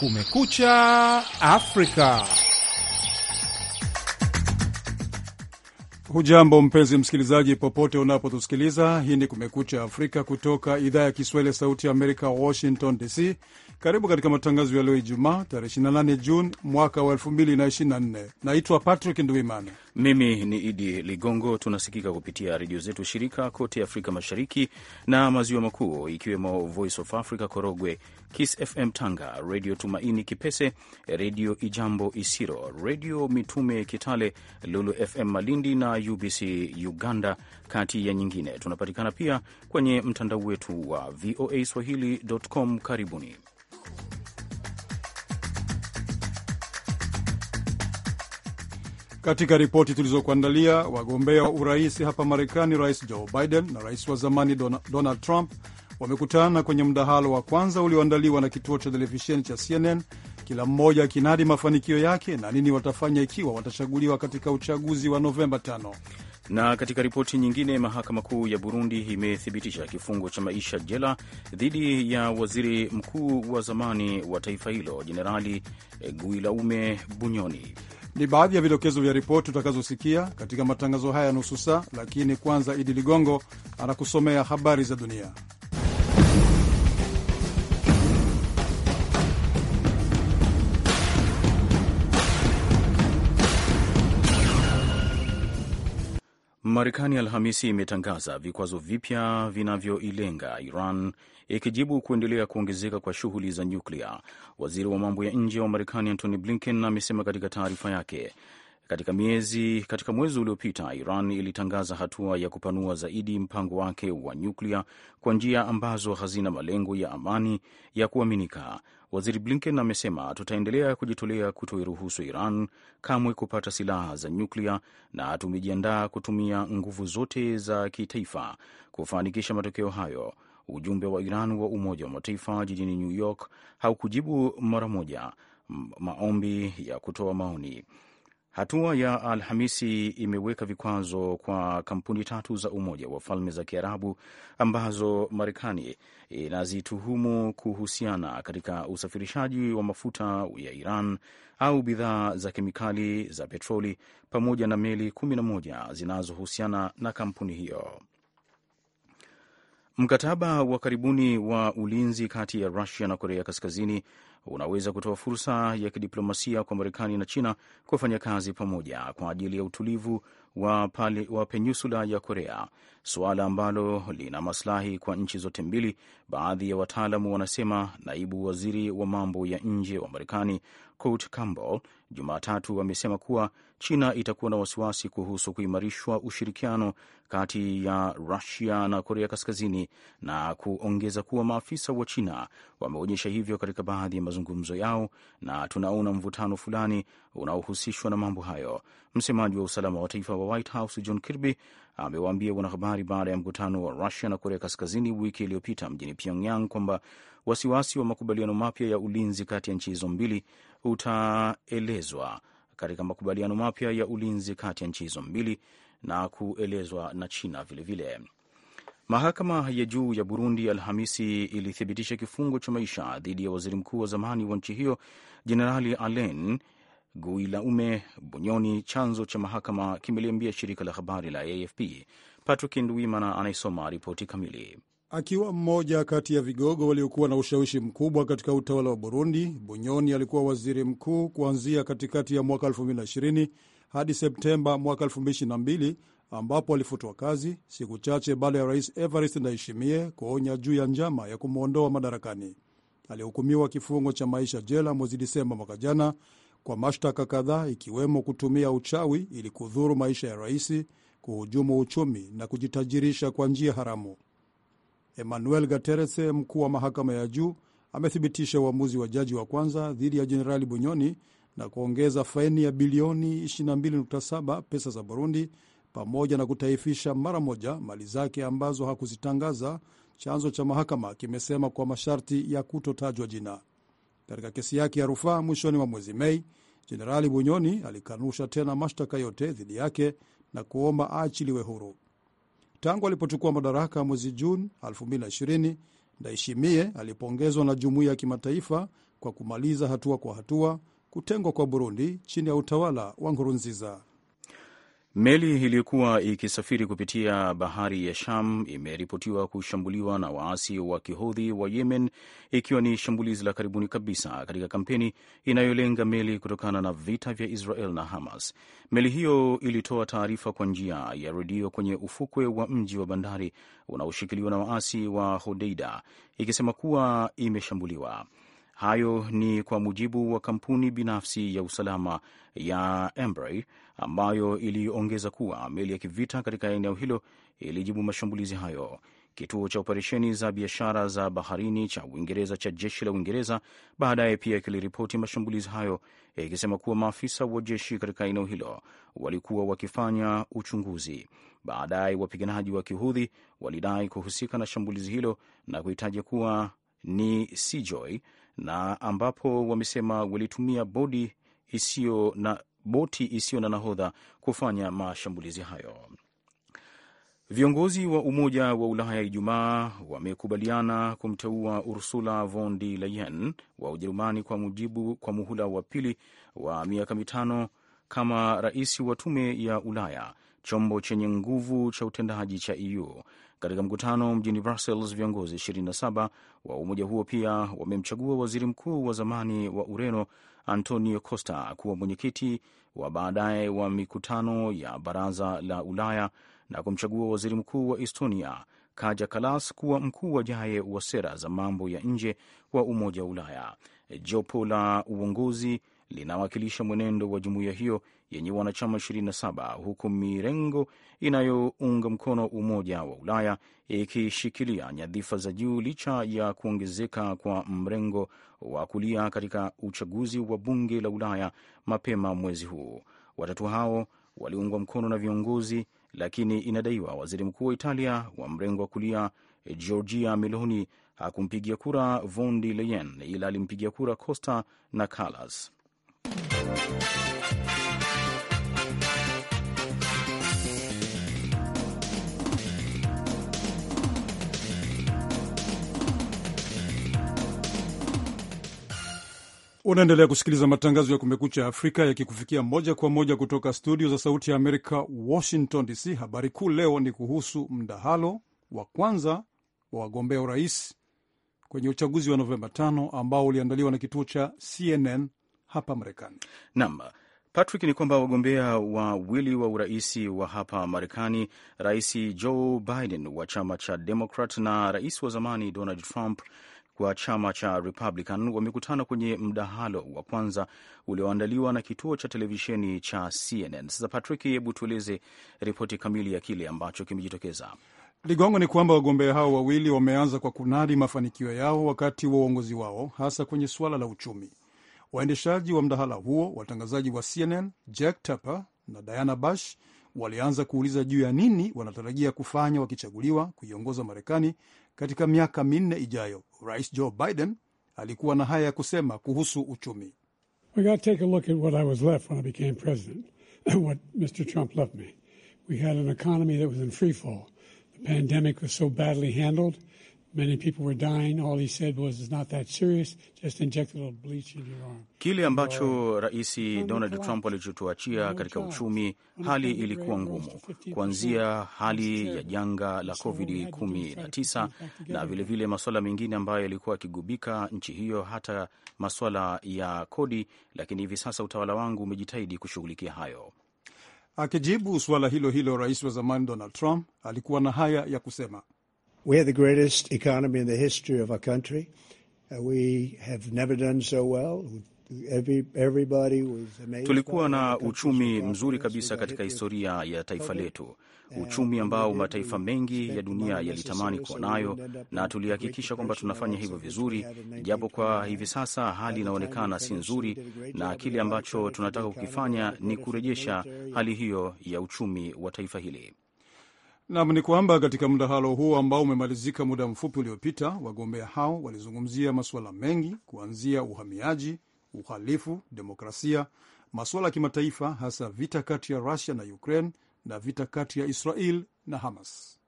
Kumekucha Afrika. Hujambo mpenzi msikilizaji, popote unapotusikiliza. Hii ni Kumekucha Afrika kutoka idhaa ya Kiswahili ya Sauti ya Amerika, Washington DC. Karibu katika matangazo ya leo Ijumaa, tarehe 28 Juni mwaka wa 2024. Naitwa Patrick nduimana mimi ni Idi Ligongo. Tunasikika kupitia redio zetu shirika kote Afrika Mashariki na Maziwa Makuu, ikiwemo Voice of Africa Korogwe, Kiss FM Tanga, Redio Tumaini Kipese, Redio Ijambo Isiro, Redio Mitume Kitale, Lulu FM Malindi na UBC Uganda, kati ya nyingine. Tunapatikana pia kwenye mtandao wetu wa VOA Swahili.com. Karibuni. Katika ripoti tulizokuandalia, wagombea wa urais hapa Marekani, Rais Joe Biden na rais wa zamani Donald Trump wamekutana kwenye mdahalo wa kwanza ulioandaliwa na kituo cha televisheni cha CNN, kila mmoja akinadi mafanikio yake na nini watafanya ikiwa watachaguliwa katika uchaguzi wa Novemba 5. Na katika ripoti nyingine, mahakama kuu ya Burundi imethibitisha kifungo cha maisha jela dhidi ya waziri mkuu wa zamani wa taifa hilo Jenerali Guilaume Bunyoni. Ni baadhi ya vidokezo vya ripoti utakazosikia katika matangazo haya nusu saa, lakini kwanza Idi Ligongo anakusomea habari za dunia. Marekani Alhamisi imetangaza vikwazo vipya vinavyoilenga Iran ikijibu kuendelea kuongezeka kwa shughuli za nyuklia. Waziri wa mambo ya nje wa Marekani Antony Blinken amesema katika taarifa yake katika miezi katika mwezi uliopita Iran ilitangaza hatua ya kupanua zaidi mpango wake wa nyuklia kwa njia ambazo hazina malengo ya amani ya kuaminika. Waziri Blinken amesema tutaendelea kujitolea kutoiruhusu Iran kamwe kupata silaha za nyuklia na tumejiandaa kutumia nguvu zote za kitaifa kufanikisha matokeo hayo. Ujumbe wa Iran wa Umoja wa Mataifa jijini New York haukujibu mara moja maombi ya kutoa maoni. Hatua ya Alhamisi imeweka vikwazo kwa kampuni tatu za Umoja wa Falme za Kiarabu ambazo Marekani inazituhumu kuhusiana katika usafirishaji wa mafuta ya Iran au bidhaa za kemikali za petroli pamoja na meli 11 zinazohusiana na kampuni hiyo. Mkataba wa karibuni wa ulinzi kati ya Rusia na Korea Kaskazini unaweza kutoa fursa ya kidiplomasia kwa Marekani na China kufanya kazi pamoja kwa ajili ya utulivu wa, pale, wa peninsula ya Korea, suala ambalo lina masilahi kwa nchi zote mbili. Baadhi ya wataalamu wanasema naibu waziri wa mambo ya nje wa Marekani Kurt Campbell Jumatatu amesema kuwa China itakuwa na wasiwasi kuhusu kuimarishwa ushirikiano kati ya Rusia na Korea Kaskazini na kuongeza kuwa maafisa wa China wameonyesha hivyo katika baadhi ya mazungumzo yao, na tunaona mvutano fulani unaohusishwa na mambo hayo. Msemaji wa usalama wa taifa wa White House John Kirby amewaambia wanahabari baada ya mkutano wa Rusia na Korea Kaskazini wiki iliyopita mjini Pyongyang kwamba wasiwasi wa makubaliano mapya ya ulinzi kati ya nchi hizo mbili utaelezwa katika makubaliano mapya ya ulinzi kati ya nchi hizo mbili na kuelezwa na China vilevile vile. Mahakama ya juu ya Burundi Alhamisi ilithibitisha kifungo cha maisha dhidi ya waziri mkuu wa zamani wa nchi hiyo Jenerali Alain guilaume Bunyoni. Chanzo cha mahakama kimeliambia shirika la habari la AFP. Patrick nduimana anayesoma ripoti kamili. Akiwa mmoja kati ya vigogo waliokuwa na ushawishi mkubwa katika utawala wa Burundi, Bunyoni alikuwa waziri mkuu kuanzia katikati ya mwaka 2020 hadi Septemba mwaka 2022 ambapo alifutwa kazi siku chache baada ya rais evarist Ndayishimiye kuonya juu ya njama ya kumwondoa madarakani. Alihukumiwa kifungo cha maisha jela mwezi Disemba mwaka jana kwa mashtaka kadhaa ikiwemo kutumia uchawi ili kudhuru maisha ya rais, kuhujumu uchumi na kujitajirisha kwa njia haramu. Emmanuel Gaterese, mkuu wa mahakama ya juu, amethibitisha uamuzi wa jaji wa kwanza dhidi ya Jenerali Bunyoni na kuongeza faini ya bilioni 22.7 pesa za Burundi pamoja na kutaifisha mara moja mali zake ambazo hakuzitangaza. Chanzo cha mahakama kimesema kwa masharti ya kutotajwa jina. Katika kesi yake ya rufaa mwishoni mwa mwezi Mei, Jenerali Bunyoni alikanusha tena mashtaka yote dhidi yake na kuomba aachiliwe huru. Tangu alipochukua madaraka mwezi Juni 2020, ndaishimie alipongezwa na jumuiya ya kimataifa kwa kumaliza hatua kwa hatua kutengwa kwa Burundi chini ya utawala wa Nkurunziza. Meli iliyokuwa ikisafiri kupitia bahari ya Sham imeripotiwa kushambuliwa na waasi wa kihodhi wa Yemen, ikiwa ni shambulizi la karibuni kabisa katika kampeni inayolenga meli kutokana na vita vya Israel na Hamas. Meli hiyo ilitoa taarifa kwa njia ya redio kwenye ufukwe wa mji wa bandari unaoshikiliwa na waasi wa Hodeida, ikisema kuwa imeshambuliwa. Hayo ni kwa mujibu wa kampuni binafsi ya usalama ya Embraer ambayo iliongeza kuwa meli ya kivita katika eneo hilo ilijibu mashambulizi hayo. Kituo cha operesheni za biashara za baharini cha Uingereza cha jeshi la Uingereza baadaye pia kiliripoti mashambulizi hayo ikisema kuwa maafisa wa jeshi katika eneo hilo walikuwa wakifanya uchunguzi. Baadaye wapiganaji wa kihudhi walidai kuhusika na shambulizi hilo na kuhitaja kuwa ni Seajoy na ambapo wamesema walitumia bodi isiyo na boti isiyo na nahodha kufanya mashambulizi hayo. Viongozi wa Umoja wa Ulaya Ijumaa wamekubaliana kumteua Ursula von der Leyen wa Ujerumani kwa mujibu kwa muhula wa pili wa miaka mitano kama rais wa Tume ya Ulaya, chombo chenye nguvu cha utendaji cha EU. Katika mkutano mjini Brussels, viongozi 27 wa umoja huo pia wamemchagua waziri mkuu wa zamani wa Ureno Antonio Costa kuwa mwenyekiti wa baadaye wa mikutano ya baraza la Ulaya na kumchagua waziri mkuu wa Estonia Kaja Kalas kuwa mkuu wajaye wa sera za mambo ya nje wa Umoja wa Ulaya. Jopo la uongozi linawakilisha mwenendo wa jumuiya hiyo yenye wanachama 27 huku mirengo inayounga mkono Umoja wa Ulaya ikishikilia nyadhifa za juu licha ya kuongezeka kwa mrengo wa kulia katika uchaguzi wa bunge la Ulaya mapema mwezi huu. Watatu hao waliungwa mkono na viongozi, lakini inadaiwa waziri mkuu wa Italia wa mrengo wa kulia Giorgia Meloni hakumpigia kura von der Leyen ila alimpigia kura Costa na Callas. Unaendelea kusikiliza matangazo ya Kumekucha Afrika yakikufikia moja kwa moja kutoka studio za Sauti ya Amerika, Washington DC. Habari kuu leo ni kuhusu mdahalo wa kwanza wa wagombea urais kwenye uchaguzi wa Novemba 5 ambao uliandaliwa na kituo cha CNN hapa Marekani. Naam, Patrick, ni kwamba wagombea wawili wa uraisi wa hapa Marekani, Rais Joe Biden wa chama cha Democrat na rais wa zamani Donald Trump wa chama cha Republican wamekutana kwenye mdahalo wa kwanza ulioandaliwa na kituo cha televisheni cha CNN. Sasa Patrick, hebu tueleze ripoti kamili ya kile ambacho kimejitokeza. Ligongo ni kwamba wagombea hao wawili wameanza kwa kunadi mafanikio yao wakati wa uongozi wao, hasa kwenye suala la uchumi. Waendeshaji wa mdahala huo, watangazaji wa CNN Jack Tapper na Diana Bash walianza kuuliza juu ya nini wanatarajia kufanya wakichaguliwa kuiongoza Marekani We got to take a look katika miaka minne ijayo. Rais Joe Biden alikuwa na what Mr. Trump left me. We had an economy that was in free fall. The pandemic was so badly handled. Kile ambacho Rais Donald Trump alichotuachia katika uchumi, hali ilikuwa ngumu, kuanzia hali ya janga la COVID-19 na vilevile masuala mengine ambayo yalikuwa yakigubika nchi hiyo, hata masuala ya kodi, lakini hivi sasa utawala wangu umejitahidi kushughulikia hayo. Akijibu suala hilo hilo, rais wa zamani Donald Trump alikuwa na haya ya kusema. We have the greatest economy in the history of our country. Uh, we have never done so well. Every, everybody was amazed. Tulikuwa na uchumi mzuri kabisa katika historia ya taifa letu, uchumi ambao mataifa mengi ya dunia yalitamani kuwa nayo, na tulihakikisha kwamba tunafanya hivyo vizuri, japo kwa hivi sasa hali inaonekana si nzuri, na kile ambacho tunataka kukifanya ni kurejesha hali hiyo ya uchumi wa taifa hili. Nam ni kwamba katika mdahalo huo ambao umemalizika muda mfupi uliopita, wagombea hao walizungumzia masuala mengi kuanzia uhamiaji, uhalifu, demokrasia, masuala ya kimataifa, hasa vita kati ya Rusia na Ukraine na vita kati ya Israel na Hamas.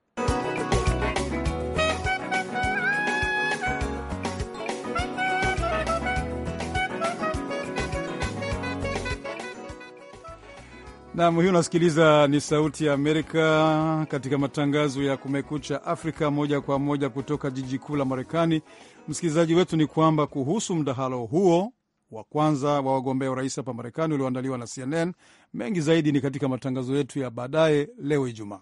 Nam, hii unasikiliza ni Sauti ya Amerika katika matangazo ya Kumekucha Afrika, moja kwa moja kutoka jiji kuu la Marekani. Msikilizaji wetu ni kwamba kuhusu mdahalo huo wa kwanza wa wagombea urais hapa Marekani ulioandaliwa na CNN, mengi zaidi ni katika matangazo yetu ya baadaye leo Ijumaa.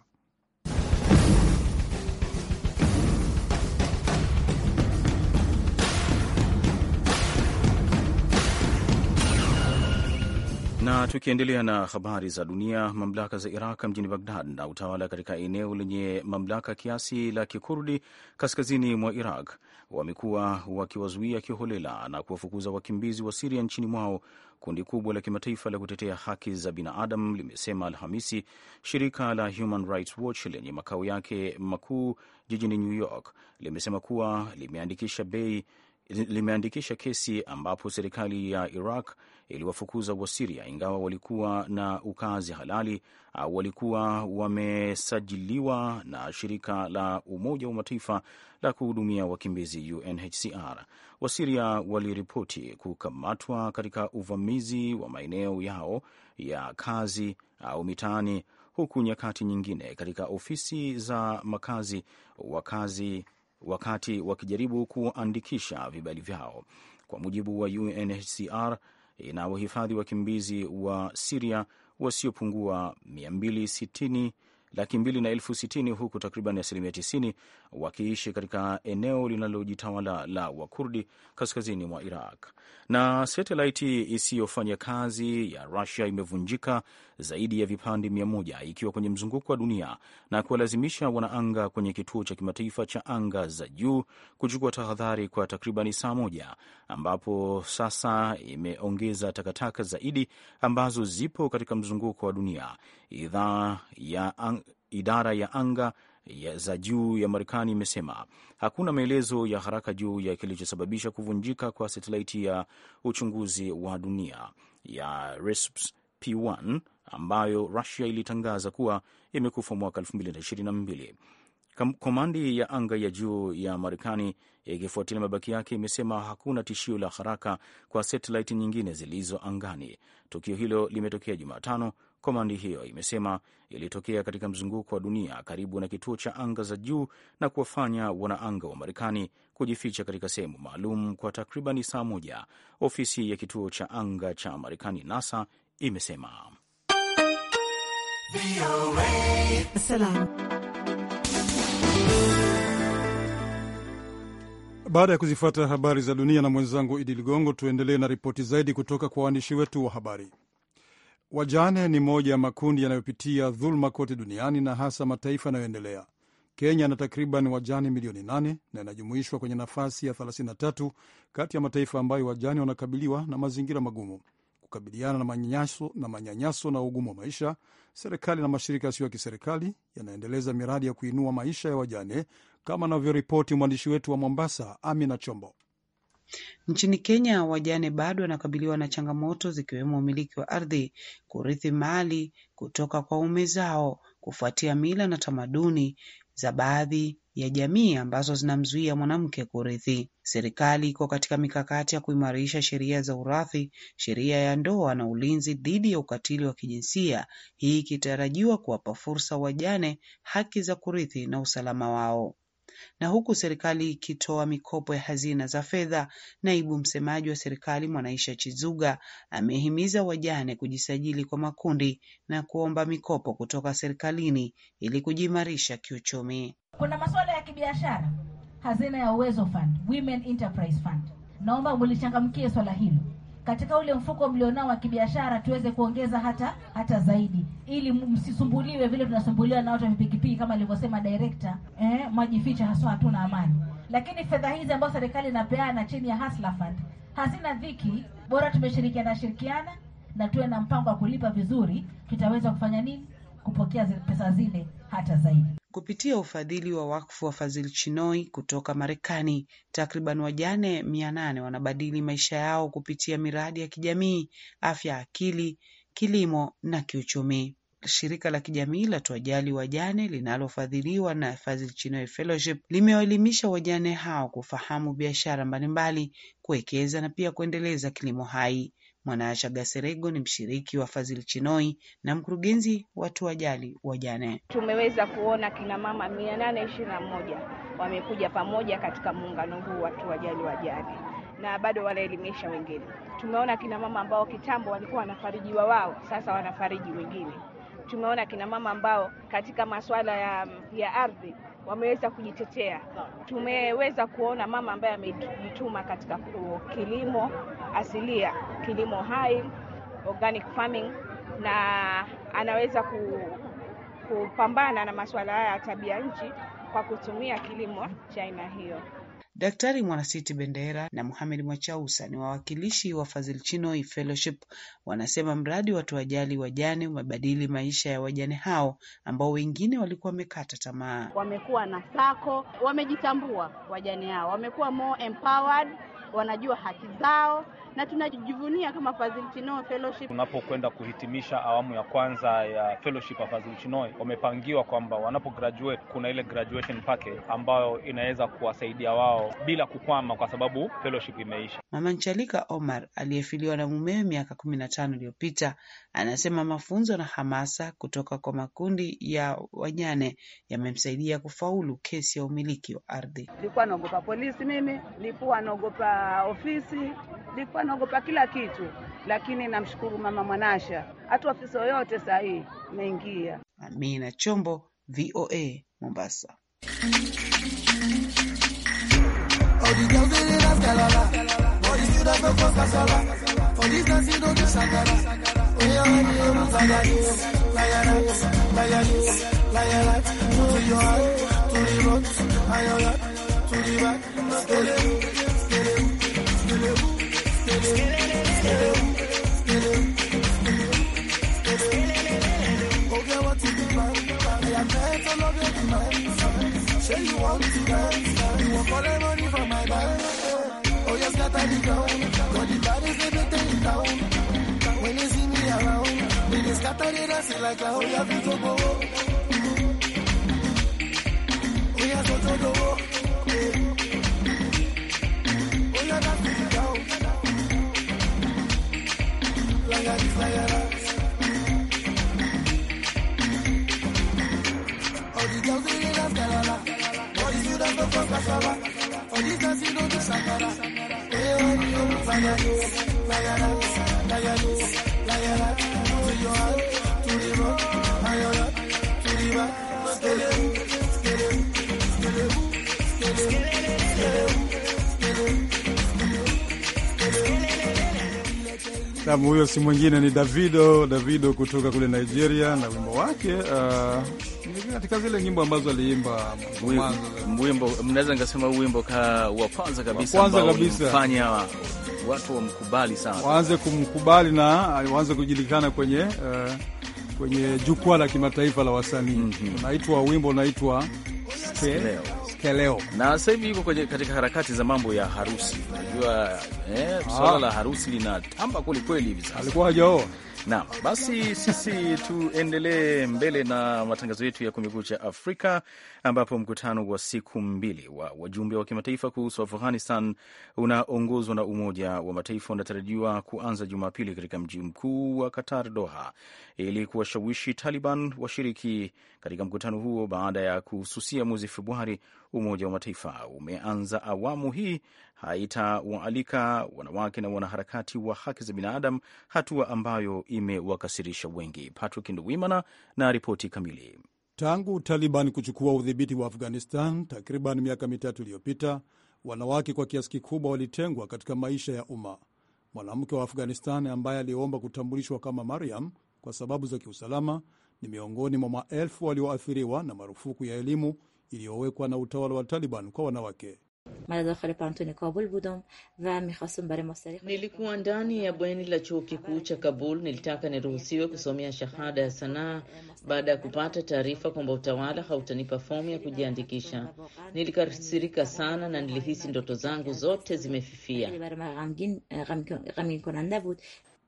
Na tukiendelea na habari za dunia, mamlaka za Iraq mjini Bagdad na utawala katika eneo lenye mamlaka kiasi la kikurdi kaskazini mwa Iraq wamekuwa wakiwazuia kiholela na kuwafukuza wakimbizi wa Siria nchini mwao. Kundi kubwa la kimataifa la kutetea haki za binadamu limesema Alhamisi, shirika la Human Rights Watch lenye makao yake makuu jijini New York limesema kuwa limeandikisha bei limeandikisha kesi ambapo serikali ya Iraq iliwafukuza Wasiria ingawa walikuwa na ukazi halali au walikuwa wamesajiliwa na shirika la Umoja wa Mataifa la kuhudumia wakimbizi UNHCR. Wasiria waliripoti kukamatwa katika uvamizi wa maeneo yao ya kazi au mitaani, huku nyakati nyingine katika ofisi za makazi wakazi wakati wakijaribu kuandikisha vibali vyao. Kwa mujibu wa UNHCR, ina wahifadhi wakimbizi wa Siria wasiopungua 260 laki mbili na elfu sitini huku takriban asilimia tisini wakiishi katika eneo linalojitawala la Wakurdi kaskazini mwa Iraq. Na satelaiti isiyofanya kazi ya Rusia imevunjika zaidi ya vipande mia moja ikiwa kwenye mzunguko wa dunia na kuwalazimisha wanaanga kwenye kituo cha kimataifa cha anga za juu kuchukua tahadhari kwa takribani saa moja, ambapo sasa imeongeza takataka zaidi ambazo zipo katika mzunguko wa dunia ya ang, idara ya anga ya za juu ya Marekani imesema hakuna maelezo ya haraka juu ya kilichosababisha kuvunjika kwa satelaiti ya uchunguzi wa dunia ya RESPS P1 ambayo Rusia ilitangaza kuwa imekufa mwaka 2022. Komandi ya anga ya juu ya Marekani ikifuatilia mabaki yake imesema hakuna tishio la haraka kwa satelaiti nyingine zilizo angani. Tukio hilo limetokea Jumatano. Komandi hiyo imesema ilitokea katika mzunguko wa dunia karibu na kituo cha anga za juu na kuwafanya wanaanga wa Marekani kujificha katika sehemu maalum kwa takribani saa moja, ofisi ya kituo cha anga cha Marekani NASA imesema. Baada ya kuzifuata habari za dunia na mwenzangu Idi Ligongo, tuendelee na ripoti zaidi kutoka kwa waandishi wetu wa habari. Wajane ni moja ya makundi yanayopitia dhuluma kote duniani na hasa mataifa yanayoendelea. Kenya ana takriban wajane milioni 8 na inajumuishwa kwenye nafasi ya 33 kati ya mataifa ambayo wajane wanakabiliwa na mazingira magumu, kukabiliana na manyanyaso na, manyanyaso na ugumu wa maisha serikali na mashirika yasiyo ya kiserikali yanaendeleza miradi ya kuinua maisha ya wajane kama anavyoripoti mwandishi wetu wa Mombasa, Amina Chombo. Nchini Kenya, wajane bado wanakabiliwa na changamoto zikiwemo umiliki wa ardhi, kurithi mali kutoka kwa ume zao, kufuatia mila na tamaduni za baadhi ya jamii ambazo zinamzuia mwanamke kurithi Serikali iko katika mikakati ya kuimarisha sheria za urathi, sheria ya ndoa na ulinzi dhidi ya ukatili wa kijinsia, hii ikitarajiwa kuwapa fursa wajane haki za kurithi na usalama wao na huku serikali ikitoa mikopo ya hazina za fedha. Naibu msemaji wa serikali Mwanaisha Chizuga amehimiza wajane kujisajili kwa makundi na kuomba mikopo kutoka serikalini ili kujiimarisha kiuchumi. Kuna masuala ya kibiashara, hazina ya uwezo fund, women enterprise fund, naomba mulichangamkie swala hilo katika ule mfuko mlionao wa kibiashara tuweze kuongeza hata hata zaidi, ili msisumbuliwe vile tunasumbuliwa na watu wa pikipiki kama alivyosema director eh, ficha haswa, hatuna amani. Lakini fedha hizi ambazo serikali inapeana chini ya Hustler Fund hazina dhiki, bora tumeshirikiana shirikiana na tuwe na mpango wa kulipa vizuri, tutaweza kufanya nini kupokea pesa zile hata zaidi. Kupitia ufadhili wa wakfu wa Fazil Chinoi kutoka Marekani, takriban wajane mia nane wanabadili maisha yao kupitia miradi ya kijamii, afya, akili, kilimo na kiuchumi. Shirika la kijamii la Tuajali Wajane linalofadhiliwa na Fazil Chinoi Fellowship limewaelimisha wajane hao kufahamu biashara mbalimbali, kuwekeza na pia kuendeleza kilimo hai. Mwanaasha gaserego ni mshiriki wa fazil Chinoi na mkurugenzi wa wa Wajane. Tumeweza kuona kina mama mia nane ishirini na moja wamekuja pamoja katika muungano huu wa Tuwajali Wajane na bado wanaelimisha wengine. Tumeona kina mama ambao kitambo walikuwa wanafarijiwa wao, sasa wanafariji wengine. Tumeona kina mama ambao katika masuala ya, ya ardhi wameweza kujitetea. Tumeweza kuona mama ambaye amejituma katika kilimo asilia, kilimo hai, organic farming, na anaweza kupambana na masuala haya ya tabia nchi kwa kutumia kilimo cha aina hiyo. Daktari Mwanasiti Bendera na muhamed Mwachausa ni wawakilishi wa Fazil Chinoi Fellowship wanasema mradi wa Tuwajali Wajane umebadili maisha ya wajane hao ambao wengine walikuwa wamekata tamaa. Wamekuwa na sako, wamejitambua wajane hao, wamekuwa more empowered, wanajua haki zao na tunajivunia kama Fazil Chinoe Fellowship. Tunapokwenda kuhitimisha awamu ya kwanza ya fellowship ya Fazil Chinoe, wamepangiwa kwamba wanapo graduate kuna ile graduation package ambayo inaweza kuwasaidia wao bila kukwama, kwa sababu fellowship imeisha. Mama Nchalika Omar aliyefiliwa na mumewe miaka kumi na tano iliyopita Anasema mafunzo na hamasa kutoka kwa makundi ya wanyane yamemsaidia kufaulu kesi ya umiliki wa ardhi. Nilikuwa naogopa polisi mimi, nilikuwa naogopa ofisi, nilikuwa naogopa kila kitu, lakini namshukuru mama Mwanasha, hata ofisi yoyote saa hii naingia. Amina Chombo, VOA Mombasa. To to the to the back. the I to love you, Say you want to dance, you want all the money from my bank. Oh yes, that I did. dance like a oh Oh so so Oh it Like a like a All the girls they dance dance dance don't do sakara. Hey, oh, like a, like a, like a, Nam, huyo si mwingine ni Davido, Davido kutoka kule Nigeria na wimbo wake uh, katika uh, zile nyimbo ambazo aliimba wimbo, mnaweza nikasema huu wimbo wa kwanza kabisa, kwanza kabisa fanya watu wamkubali sana, waanze kumkubali na waanze kujulikana kwenye uh, kwenye jukwaa la kimataifa la wasanii mm -hmm. unaitwa wimbo unaitwa Skeleo. Skeleo. Na sasa hivi yuko katika harakati za mambo ya harusi, unajua eh, swala ah. la harusi linatamba kwelikweli hivi sasa. Alikuwa hajaoa Naam, basi sisi tuendelee mbele na matangazo yetu ya Kumekucha Afrika, ambapo mkutano wa siku mbili wa wajumbe wa kimataifa kuhusu Afghanistan unaongozwa na Umoja wa Mataifa unatarajiwa kuanza Jumapili katika mji mkuu wa Qatar, Doha, ili kuwashawishi Taliban washiriki katika mkutano huo baada ya kususia mwezi Februari. Umoja wa Mataifa umeanza awamu hii haitawaalika wanawake na wanaharakati wa haki za binadamu, hatua ambayo imewakasirisha wengi. Patrick Nduwimana na ripoti kamili. Tangu Taliban kuchukua udhibiti wa Afghanistan takriban miaka mitatu iliyopita, wanawake kwa kiasi kikubwa walitengwa katika maisha ya umma. Mwanamke wa Afghanistan ambaye aliomba kutambulishwa kama Mariam kwa sababu za kiusalama ni miongoni mwa maelfu walioathiriwa na marufuku ya elimu iliyowekwa na utawala wa Taliban kwa wanawake. Mara dafari pantoni Kabul budam va mikhasum bare mastari. Nilikuwa ndani ya bweni la chuo kikuu cha Kabul, nilitaka niruhusiwe kusomea shahada ya sanaa baada ya kupata taarifa kwamba utawala hautanipa fomu ya kujiandikisha. Nilikasirika sana na nilihisi ndoto zangu zote zimefifia.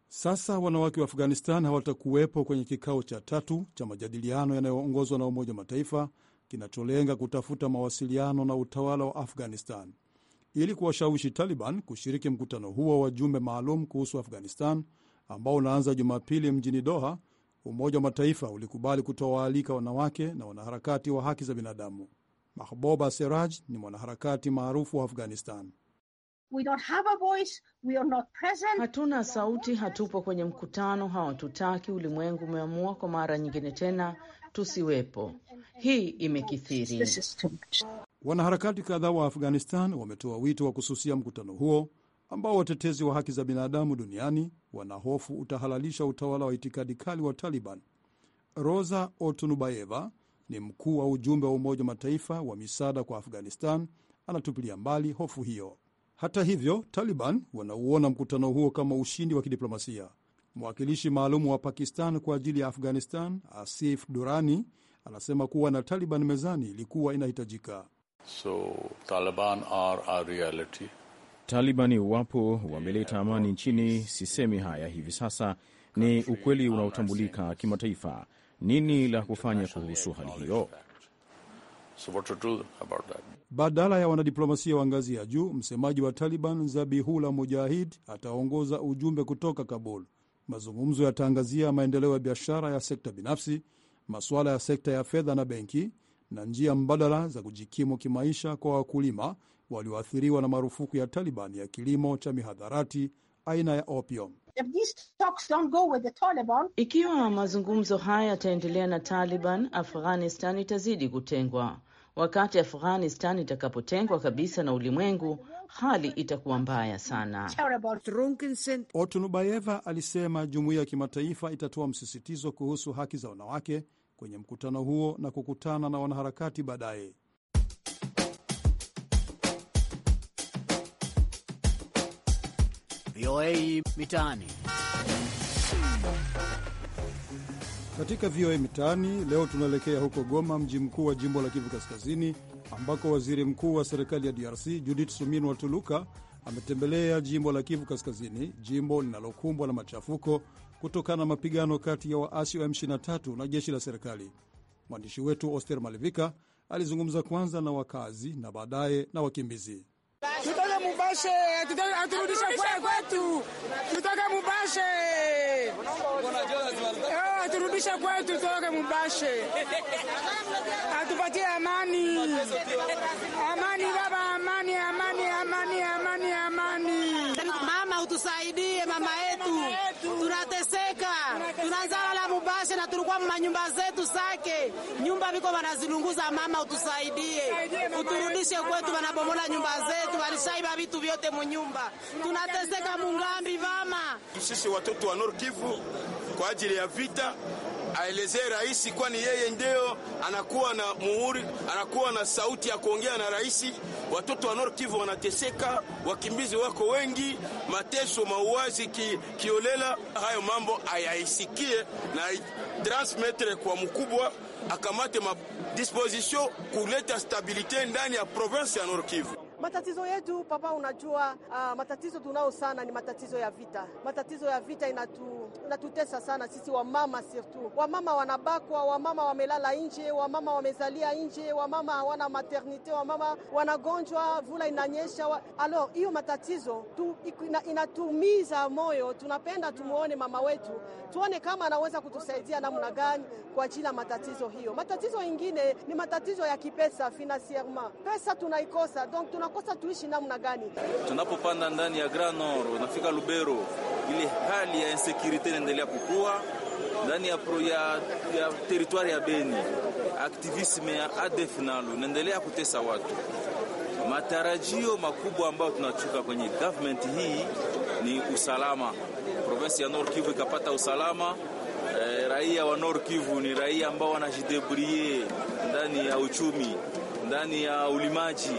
Sasa wanawake wa Afghanistan hawatakuwepo kwenye kikao cha tatu cha majadiliano yanayoongozwa na Umoja wa Mataifa kinacholenga kutafuta mawasiliano na utawala wa Afghanistan ili kuwashawishi Taliban kushiriki mkutano huo wa jumbe maalum kuhusu Afghanistan ambao unaanza Jumapili mjini Doha. Umoja wa Mataifa ulikubali kutowaalika wanawake na wanaharakati wa haki za binadamu. Mahboba Seraj ni mwanaharakati maarufu wa Afghanistan. We don't have a voice, we are not present. Hatuna sauti, hatupo kwenye mkutano, hawatutaki. Ulimwengu umeamua kwa mara nyingine tena tusiwepo hii imekithiri. Wanaharakati kadhaa wa Afghanistan wametoa wito wa kususia mkutano huo ambao watetezi wa haki za binadamu duniani wanahofu utahalalisha utawala wa itikadi kali wa Taliban. Rosa Otunubayeva ni mkuu wa ujumbe wa Umoja wa Mataifa wa misaada kwa Afghanistan, anatupilia mbali hofu hiyo. Hata hivyo, Taliban wanauona mkutano huo kama ushindi wa kidiplomasia. Mwakilishi maalum wa Pakistan kwa ajili ya Afghanistan, Asif Durani, anasema kuwa na Taliban mezani ilikuwa inahitajika. So, Taliban are a reality. Talibani wapo, wameleta amani nchini. Sisemi haya hivi sasa, ni ukweli unaotambulika kimataifa. Nini la kufanya kuhusu hali hiyo? So what to do about that? Badala ya wanadiplomasia wa ngazi ya juu, msemaji wa Taliban Zabihullah Mujahid ataongoza ujumbe kutoka Kabul. Mazungumzo yataangazia maendeleo ya biashara ya sekta binafsi, masuala ya sekta ya fedha na benki na njia mbadala za kujikimu kimaisha kwa wakulima walioathiriwa na marufuku ya Taliban ya kilimo cha mihadharati aina ya opium. Ikiwa mazungumzo haya yataendelea na Taliban, Afghanistan itazidi kutengwa. Wakati Afghanistan itakapotengwa kabisa na ulimwengu, hali itakuwa mbaya sana. Otunubayeva alisema jumuiya ya kimataifa itatoa msisitizo kuhusu haki za wanawake kwenye mkutano huo na kukutana na wanaharakati baadaye. VOA Mitaani. Katika VOA Mitaani leo tunaelekea huko Goma, mji mkuu wa jimbo la Kivu Kaskazini ambako waziri mkuu wa serikali ya DRC Judith Sumin Watuluka ametembelea jimbo la Kivu Kaskazini, jimbo linalokumbwa na machafuko kutokana na mapigano kati ya waasi wa M23 na jeshi la serikali. Mwandishi wetu Oster Malivika alizungumza kwanza na wakazi na baadaye na wakimbizi. Tutoke Mubashe, aturudishe kwetu, tutoke Mubashe kurudisha kwetu, toke mubashe, atupatie amani, amani baba, amani, amani, amani, amani, amani. Mama utusaidie, mama yetu, tunateseka, tunazala maisha na tulikuwa manyumba zetu Sake, nyumba viko wanazilunguza, mama utusaidie, uturudishe kwetu, wanabomola nyumba zetu, walishaiba vitu vyote munyumba, tunateseka mungambi vama. Sisi watoto wa Nord Kivu kwa ajili ya vita aelezee rais, kwani yeye ndio anakuwa na muhuri, anakuwa na sauti ya kuongea na rais. Watoto wa North Kivu wanateseka, wakimbizi wako wengi, mateso, mauaji ki, kiolela. Hayo mambo ayaisikie na transmettre kwa mkubwa akamate disposition kuleta stabilite ndani ya province ya North Kivu. Matatizo yetu papa, unajua uh, matatizo tunao sana ni matatizo ya vita. Matatizo ya vita inatu, inatutesa sana sisi wamama, sirtu wamama wanabakwa, wamama wamelala nje, wamama wamezalia nje, wamama hawana maternite, wamama wanagonjwa, vula inanyesha wa... Alors hiyo matatizo tu, ina, inatumiza moyo. Tunapenda tumwone mama wetu, tuone kama anaweza kutusaidia namna gani kwa ajili ya matatizo hiyo. Matatizo ingine ni matatizo ya kipesa, financierement, pesa tunaikosa donc tuna tunakosa tuishi namna gani? Tunapopanda ndani ya Grand Nord unafika Lubero, ile hali ya insecurity inaendelea kukua ndani ya, ya, ya teritwari ya Beni. Aktivisme ya ADF nalo inaendelea kutesa watu. Matarajio makubwa ambayo tunachuka kwenye government hii ni usalama. Provinsi ya Nord Kivu ikapata usalama. Eh, raia wa Nord Kivu ni raia ambao wanajidebrie ndani ya uchumi, ndani ya ulimaji,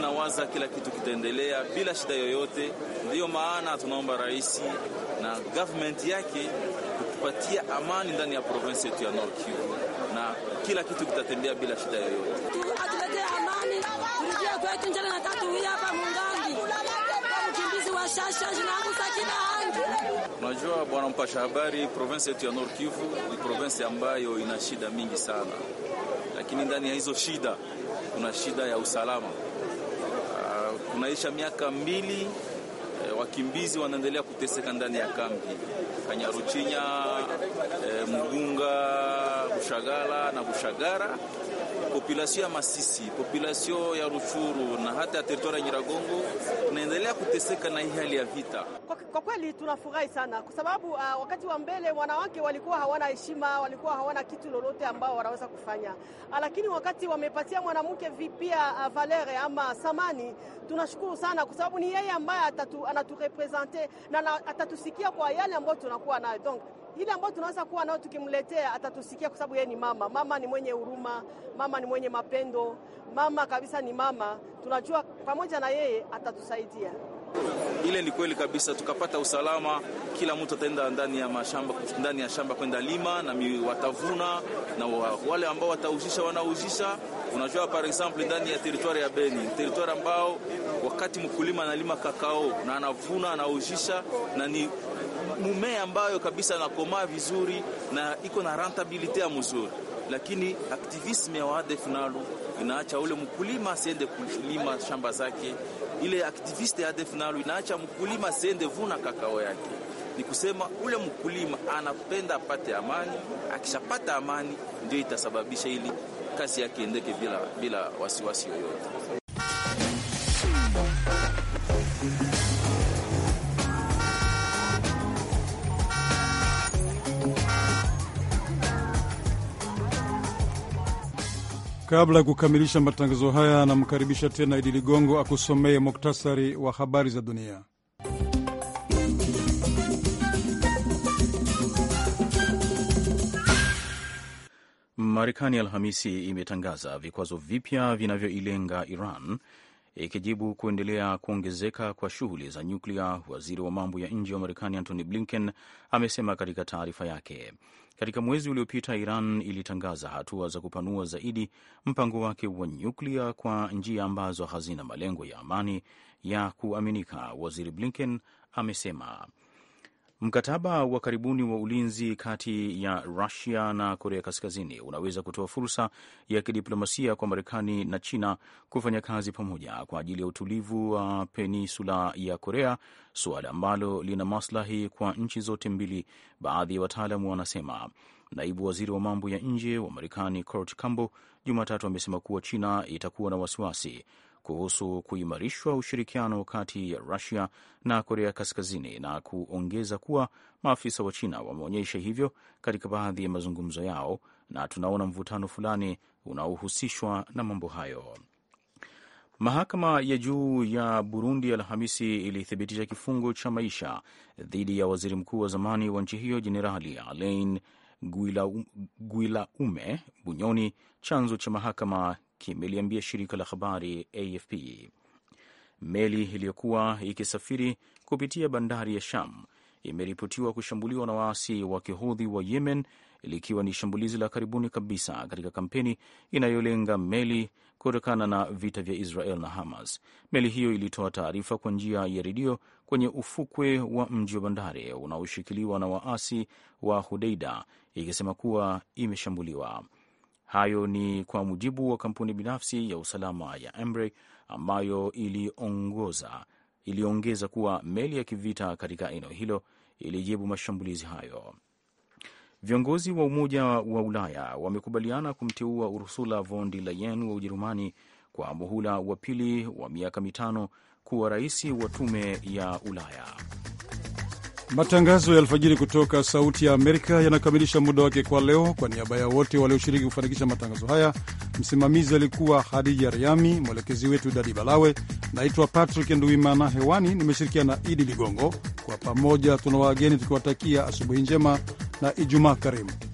tunawaza kila kitu kitaendelea bila shida yoyote. Ndiyo maana tunaomba rais na government yake kutupatia amani ndani ya province yetu ya North Kivu, na kila kitu kitatembea bila shida yoyote. Atuletee amani, turudie kwetu njana na tatu hapa Mungangi, mkimbizi wa shasha Sakina Unajua bwana mpasha habari, province yetu ya North Kivu ni province ambayo ina shida mingi sana, lakini ndani ya hizo shida kuna shida ya usalama. Tunaisha miaka mbili e, wakimbizi wanaendelea kuteseka ndani ya kambi Kanyaruchinya, e, Mugunga, Bushagala na Bushagara population ya Masisi, population ya rufuru na hata ya teritoria ya Nyiragongo tunaendelea kuteseka na hii hali ya vita. Kwa, kwa kweli tunafurahi sana kwa sababu uh, wakati wa mbele wanawake walikuwa hawana heshima, walikuwa hawana kitu lolote ambao wanaweza kufanya, uh, lakini wakati wamepatia mwanamke vipia uh, valere ama samani, tunashukuru sana kwa sababu ni yeye ambaye anaturepresente na, na atatusikia kwa yale ambayo tunakuwa nayo donc ile ambayo tunaweza kuwa nayo tukimletea, atatusikia kwa sababu yeye ni mama. Mama ni mwenye huruma, mama ni mwenye mapendo, mama kabisa ni mama. Tunajua pamoja na yeye atatusaidia. Ile ni kweli kabisa, tukapata usalama, kila mtu ataenda ndani ya mashamba, ndani ya shamba kwenda lima na watavuna, na wale ambao watauzisha wanauzisha. Unajua, par exemple ndani ya teritwari ya Beni, teritwari ambao wakati mkulima analima kakao na anavuna anauzisha, na ni mumea ambayo kabisa nakomaa vizuri na iko na rentabilite mzuri, lakini aktivisme ya wadef nalo inaacha ule mkulima asiende kulima shamba zake. Ile aktiviste ya ADF nalo inaacha mkulima asiende vuna kakao yake. Ni kusema ule mkulima anapenda apate amani, akishapata amani ndio itasababisha ili kazi yake endeke bila, bila wasiwasi yoyote. Kabla ya kukamilisha matangazo haya, anamkaribisha tena Idi Ligongo akusomee muktasari wa habari za dunia. Marekani Alhamisi imetangaza vikwazo vipya vinavyoilenga Iran ikijibu kuendelea kuongezeka kwa shughuli za nyuklia. Waziri wa mambo ya nje wa Marekani Antony Blinken amesema katika taarifa yake katika mwezi uliopita, Iran ilitangaza hatua za kupanua zaidi mpango wake wa nyuklia kwa njia ambazo hazina malengo ya amani ya kuaminika, Waziri Blinken amesema. Mkataba wa karibuni wa ulinzi kati ya Rusia na Korea Kaskazini unaweza kutoa fursa ya kidiplomasia kwa Marekani na China kufanya kazi pamoja kwa ajili ya utulivu wa peninsula ya Korea, suala ambalo lina maslahi kwa nchi zote mbili, baadhi ya wataalamu wanasema. Naibu waziri wa mambo ya nje wa Marekani Kurt Campbell Jumatatu amesema kuwa China itakuwa na wasiwasi kuhusu kuimarishwa ushirikiano kati ya Rusia na Korea Kaskazini na kuongeza kuwa maafisa wa China wameonyesha hivyo katika baadhi ya mazungumzo yao, na tunaona mvutano fulani unaohusishwa na mambo hayo. Mahakama ya juu ya Burundi Alhamisi ilithibitisha kifungo cha maisha dhidi ya waziri mkuu wa zamani wa nchi hiyo Jenerali Alain guilaume Bunyoni, chanzo cha mahakama kimeliambia shirika la habari AFP. Meli iliyokuwa ikisafiri kupitia bandari ya Sham imeripotiwa kushambuliwa na waasi wa kihudhi wa Yemen, likiwa ni shambulizi la karibuni kabisa katika kampeni inayolenga meli kutokana na vita vya Israel na Hamas. Meli hiyo ilitoa taarifa kwa njia ya redio kwenye ufukwe wa mji wa bandari unaoshikiliwa na waasi wa Hudeida, ikisema kuwa imeshambuliwa. Hayo ni kwa mujibu wa kampuni binafsi ya usalama ya Embre ambayo iliongoza iliongeza kuwa meli ya kivita katika eneo hilo ilijibu mashambulizi hayo. Viongozi wa Umoja wa Ulaya wamekubaliana kumteua Ursula von der Leyen wa Ujerumani kwa muhula wa pili wa miaka mitano kuwa rais wa Tume ya Ulaya. Matangazo ya alfajiri kutoka Sauti ya Amerika yanakamilisha muda wake kwa leo. Kwa niaba ya wote walioshiriki kufanikisha matangazo haya, msimamizi alikuwa Hadija Riami, mwelekezi wetu Dadi Balawe. Naitwa Patrick Nduimana, hewani nimeshirikiana na Idi Ligongo. Kwa pamoja tuna wageni tukiwatakia asubuhi njema na Ijumaa karimu.